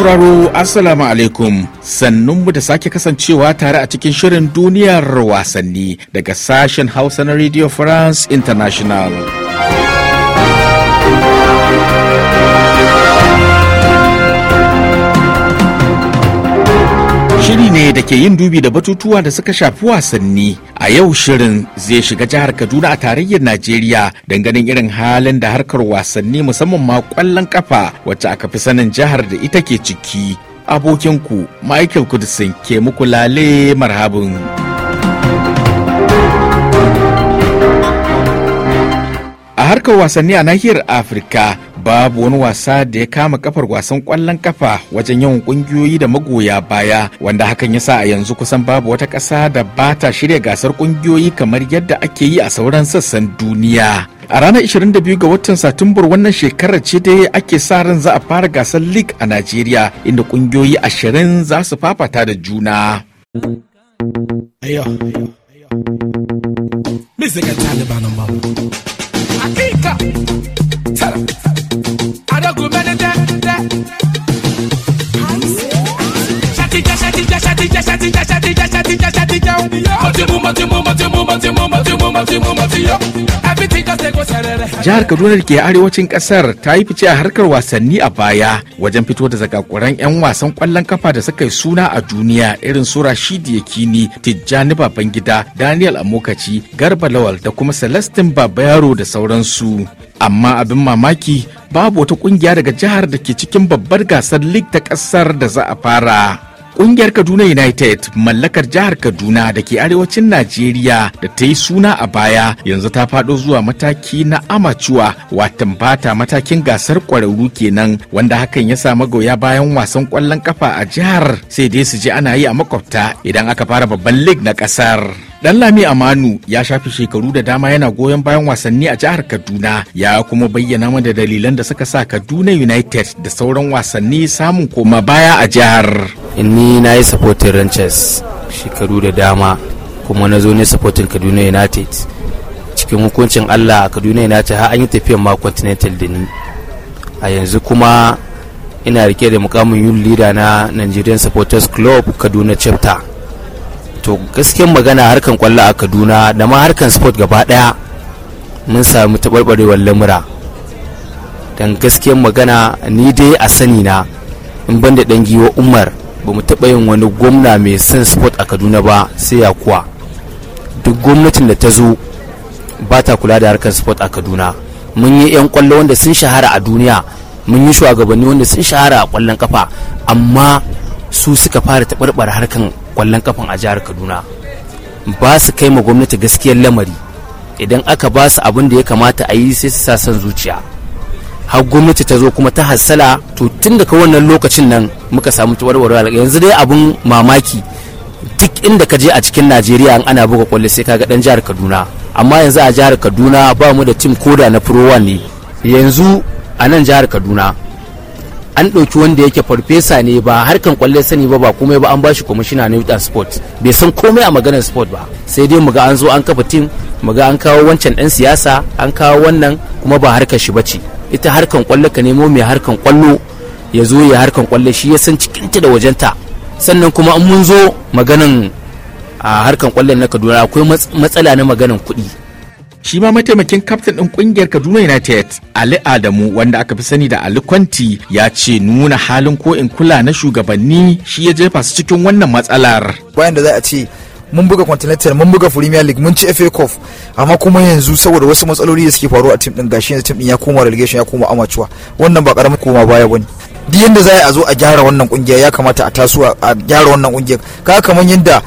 sauraro Assalamu alaikum sannun mu da sake kasancewa tare a cikin shirin duniyar wasanni daga sashen Hausa na Radio France International. Shiri ne da ke yin dubi da batutuwa da suka shafi wasanni. A yau shirin zai shiga jihar Kaduna a tarayyar Najeriya ganin irin halin da harkar wasanni musamman ma kwallon kafa wacce aka fi sanin jihar da ita ke ciki. Abokinku Michael Kudisin ke muku lale marhabin. harkar wasanni a nahiyar afirka babu wani wasa da ya kama kafar wasan kwallon kafa wajen yawan kungiyoyi da magoya baya wanda hakan ya sa a yanzu kusan babu wata ƙasa da ba ta shirya gasar kungiyoyi kamar yadda ake yi a sauran sassan duniya a ranar 22 ga watan satumbar wannan shekarar ce dai ake sa ran za a fara gasar league a najeriya inda kungiyoyi ashirin za su fafata da juna Akika! Jihar Kaduna da ke arewacin kasar ta yi fice a harkar wasanni a baya wajen fito da zakakuran 'yan wasan kwallon kafa da suka yi suna a duniya irin su ya Yakini, Tijjani Babangida, Daniel Amokaci, Garba Lawal da kuma Celestin Babayaro da sauransu. amma abin mamaki babu wata kungiya daga jihar da ke cikin babbar gasar lig ta kasar da za a fara Ƙungiyar Kaduna United mallakar jihar Kaduna da ke arewacin Najeriya da ta yi suna a baya yanzu ta faɗo zuwa mataki na amacuwa watan bata matakin gasar ƙwararru kenan wanda hakan ya sa magoya bayan wasan ƙwallon ƙafa a jihar sai dai su je ana yi a makwabta idan aka fara babban lig na ƙasar. Dan Lami Amanu ya shafi shekaru da dama yana goyon bayan wasanni a jihar Kaduna ya kuma bayyana mana dalilan da suka sa Kaduna United da sauran wasanni samun koma baya a jihar. Ni na yi supporting Ranches shekaru da dama kuma na zo ne supporting Kaduna United cikin hukuncin Allah a Kaduna United har an yi tafiyan ma Continental da ni. A yanzu kuma ina rike da mukamin yun leader na Nigerian Supporters Club Kaduna Chapter. to gaskiyar magana harkan kwallo a kaduna da ma harkan sport gaba daya mun samu taɓarɓarewar lamura don gaskiyar magana ni dai a sani na in ban da ɗan giwa umar ba mu taɓa yin wani gwamna mai son sport a kaduna ba sai ya kuwa duk gwamnatin da ta zo ba ta kula da harkar sport a kaduna mun yi 'yan kwallo wanda sun shahara a duniya mun yi shugabanni wanda sun shahara a kwallon kafa amma su suka fara taɓarɓar harkan kwallon kafan a jihar kaduna ba su kai ma gwamnati gaskiyar lamari idan aka ba su abin da ya kamata a yi sai su sa son zuciya har gwamnati ta zo kuma ta hassala to tun daga wannan lokacin nan muka samu warware yanzu dai abin mamaki duk inda ka je a cikin najeriya an ana buga kwallo sai kaga dan jihar kaduna amma yanzu a jihar kaduna ba mu da tim koda na pro ne yanzu a nan jihar kaduna an ɗauki wanda yake farfesa ne ba harkan kwallon sani ba ba komai ba an bashi kwamishina na youth sport bai san komai a maganar sport ba sai dai muga an zo an kafa tim muga an kawo wancan ɗan siyasa an kawo wannan kuma ba harkar shi bace ita harkan kwallo ka nemo mai harkan kwallo ya zo ya harkan kwallo shi ya san cikin ta da wajenta sannan kuma an mun zo maganan a harkan kwallon na kaduna akwai matsala na maganan kuɗi shi ma mataimakin kaftin ɗin ƙungiyar Kaduna United Ali Adamu wanda aka fi sani da Ali Kwanti ya ce nuna halin ko in kula na shugabanni shi ya jefa su cikin wannan matsalar. Bayan da za a ce mun buga continental mun buga premier league mun ci fa cup amma kuma yanzu saboda wasu matsaloli da suke faruwa a tim din gashi yanzu tim din ya koma relegation ya koma amacewa wannan ba karamin koma baya bane duk yanda za a zo a gyara wannan kungiya ya kamata a taso a gyara wannan kungiya kaga kamar yanda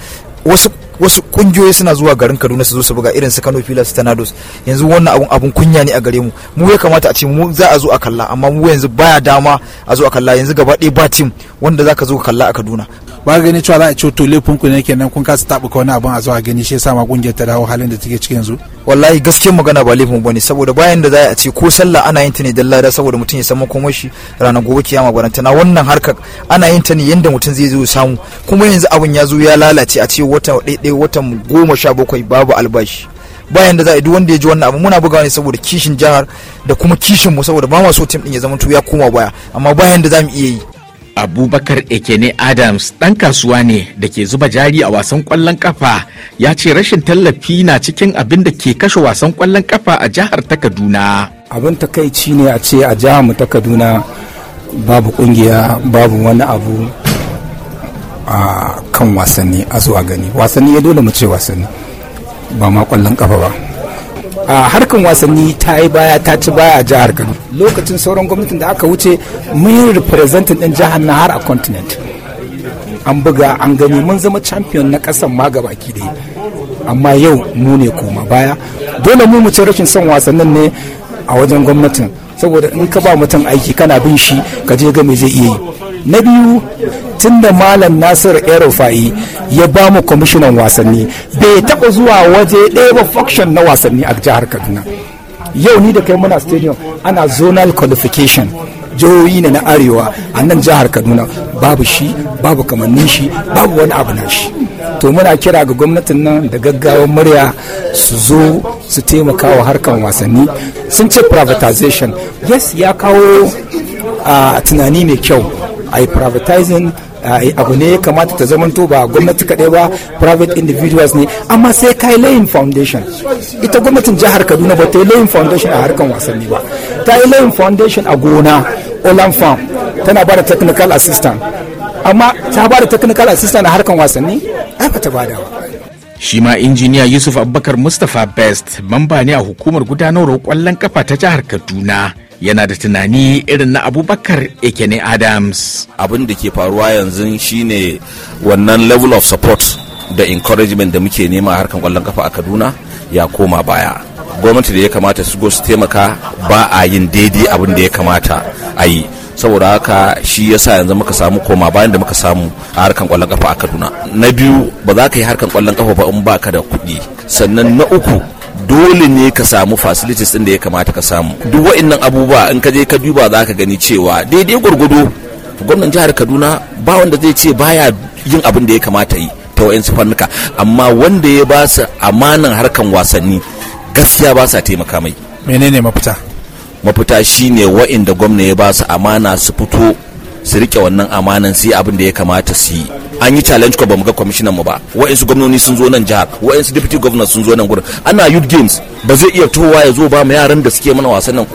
wasu wasu kungiyoyi suna zuwa garin kaduna su zo su buga irin su kano filas tanados yanzu wannan abun abun kunya ne a gare mu mu ya kamata a ce mu za a zo a kalla amma mu yanzu baya dama a zo a kalla yanzu gaba ɗaya ba tim wanda za ka zo ka kalla a kaduna ba gani cewa za a ci to laifin ku ne kenan kun kasa kawai wani abin a zuwa gani shi yasa ma kungiyar ta dawo halin da take cikin yanzu wallahi gaskiyar magana ba laifin bane saboda bayan da za a ce ko sallah ana yin ta ne dan lada saboda mutum ya samu komai shi ranar gobe kiyama baranta na wannan harkar ana yin ta ne yanda mutum zai zo samu kuma yanzu abin ya zo ya lalace a ce wata ɗaiɗai watan goma sha bakwai babu albashi bayan da za a duk wanda ya ji wannan abu muna buga ne saboda kishin jihar da kuma kishin mu saboda ba ma so tim din ya zama ya koma baya amma bayan da za mu iya yi abubakar ekene adams ɗan kasuwa ne da ke zuba jari a wasan ƙwallon ƙafa ya ce rashin tallafi na cikin abin da ke kashe wasan ƙwallon ƙafa a jihar ta kaduna abin takaici ne a ce a jihar mu ta kaduna babu ƙungiya babu wani abu a kan wasanni a zuwa gani wasanni ya dole mu ce wasanni ba ma ƙwallon ƙafa ba a harkan wasanni ta yi baya ta ci baya a jihar kano lokacin sauran gwamnatin da aka wuce mun yi representing din jihar na har a continent an buga an gani mun zama champion na kasan ma gaba ki dai amma yau mu ne koma baya dole mu mu ci rashin son wasannin ne a wajen gwamnatin saboda in ka ba mutum aiki kana bin shi ka je ga me zai iya yi na biyu tun da malam nasir erufa'i ya ba mu kwamishinan wasanni bai taɓa zuwa waje ɗaya ba function na wasanni a jihar kaduna yau ni da kai muna stadium ana zonal qualification jihohi ne na arewa a nan jihar kaduna babu shi babu kamannin shi babu wani abu na shi to muna kira ga gwamnatin nan da gaggawan murya su zo su taimaka wa harkan wasanni sun ce privatization yes ya kawo a tunani mai kyau a yi privatizing abu ne ya kamata ta zamanto ba gwamnati kaɗai ba private individuals ne amma sai ka yi layin foundation ita gwamnatin jihar kaduna ba ta yi layin foundation a harkan wasanni ba ta yi layin foundation a gona olam farm tana ba da technical assistant amma ta ba da technical assistant a harkan wasanni ba ta ba da ba shi ma injiniya yusuf abubakar mustapha best mamba ne a hukumar gudanarwar kwallon kafa ta jihar kaduna yana da tunani irin na abubakar ekene adams abin da ke faruwa yanzu shine wannan level of support da encouragement da muke nema a harkar kwallon kafa a kaduna ya koma baya gwamnati da ya kamata su go su taimaka ba a yin daidai abin da ya kamata a yi saboda haka shi yasa yanzu muka samu koma bayan da muka samu a harkan kwallon kafa a Kaduna na biyu ba za ka yi harkan kwallon kafa ba in baka da kuɗi sannan na uku dole ne ka samu facilities din da ya kamata ka samu duk wa'annan abubuwa in ka je ka duba za ka gani cewa daidai gwargwado gwamnan jihar Kaduna ba wanda zai ce baya yin abin da ya kamata yi ta wa'in fannuka amma wanda ya ba su amanan harkan wasanni gaskiya ba sa taimaka mai menene mafita mafita shine wa'inda gwamna ya ba su amana su fito su rike wannan amanan su yi abin da ya kamata su yi an yi challenge ko bamu ga kwamishinan mu ba wa'insu gwamnoni sun zo nan jihar wa'insu deputy governor sun zo nan gurin ana youth games ba zai iya towa ya zo ba mu yaran da suke mana wasan nan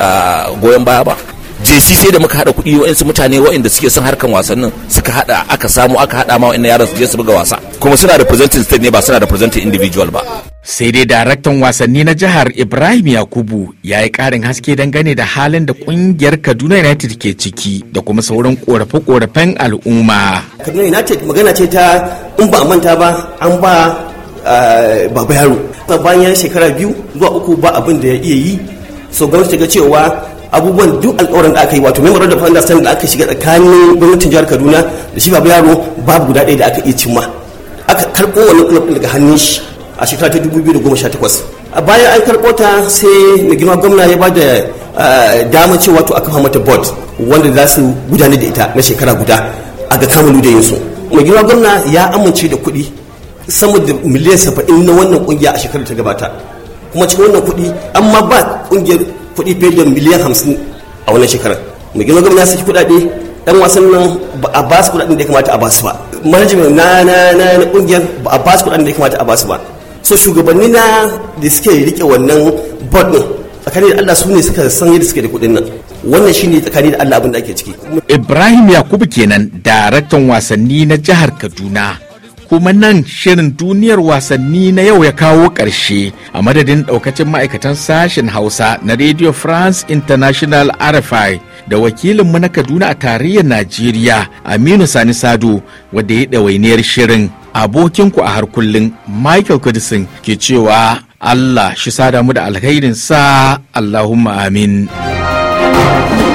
ah, goyon baya ba jc sai da muka hada kuɗi wa'insu mutane wa'inda suke son harkan wasannin suka hada aka samu aka hada ma wa'innan yaran su je su buga wasa kuma suna representing state ne ba suna representing individual ba sai dai daraktan wasanni na jihar ibrahim yakubu ya yi karin haske dangane da halin da kungiyar kaduna united ke ciki da kuma sauran korafe-korafen al'umma kaduna united magana ce ta in ba a manta ba an ba eh, baba yaro bayan shekara biyu zuwa uku ba abin da ya iya yi so gwamnati ga cewa abubuwan duk alƙawarin da aka yi wato memorandum da understanding da aka shiga tsakanin gwamnatin jihar kaduna da shi baba yaro babu guda ɗaya da aka iya cimma aka karɓo wani club daga hannun shi a shekara ta 2018 a bayan an karɓo ta sai na girma gwamna ya ba da dama cewa to aka mata board wanda za su gudanar da ita na shekara guda a ga kamalu da su mai girma gwamna ya amince da kuɗi sama da miliyan saba'in na wannan kungiya a shekarar ta gabata kuma cikin wannan kuɗi an ma ba kungiyar kuɗi fiye da miliyan hamsin a wannan shekarar mai girma gwamna ya saki kuɗaɗe dan wasan nan ba a ba su kuɗaɗen da ya kamata a ba su ba management na na na kungiyar ba a ba su kuɗaɗen da ya kamata a ba su ba so shugabanni na da suke rike wannan board din tsakani da Allah su ne suka san yadda suke da kuɗin nan wannan shine tsakani da Allah abin da ake ciki Ibrahim Yakubu kenan daraktan wasanni na jihar Kaduna kuma nan shirin duniyar wasanni na yau ya kawo ƙarshe a madadin ɗaukacin ma'aikatan sashen hausa na radio france international rfi da wakilinmu na kaduna a tarayyar najeriya aminu sani sado wadda ya ɗawainiyar shirin abokinku a harkullin Michael Kudisin ke cewa Allah shi sada mu da alkhairinsa Allahumma amin.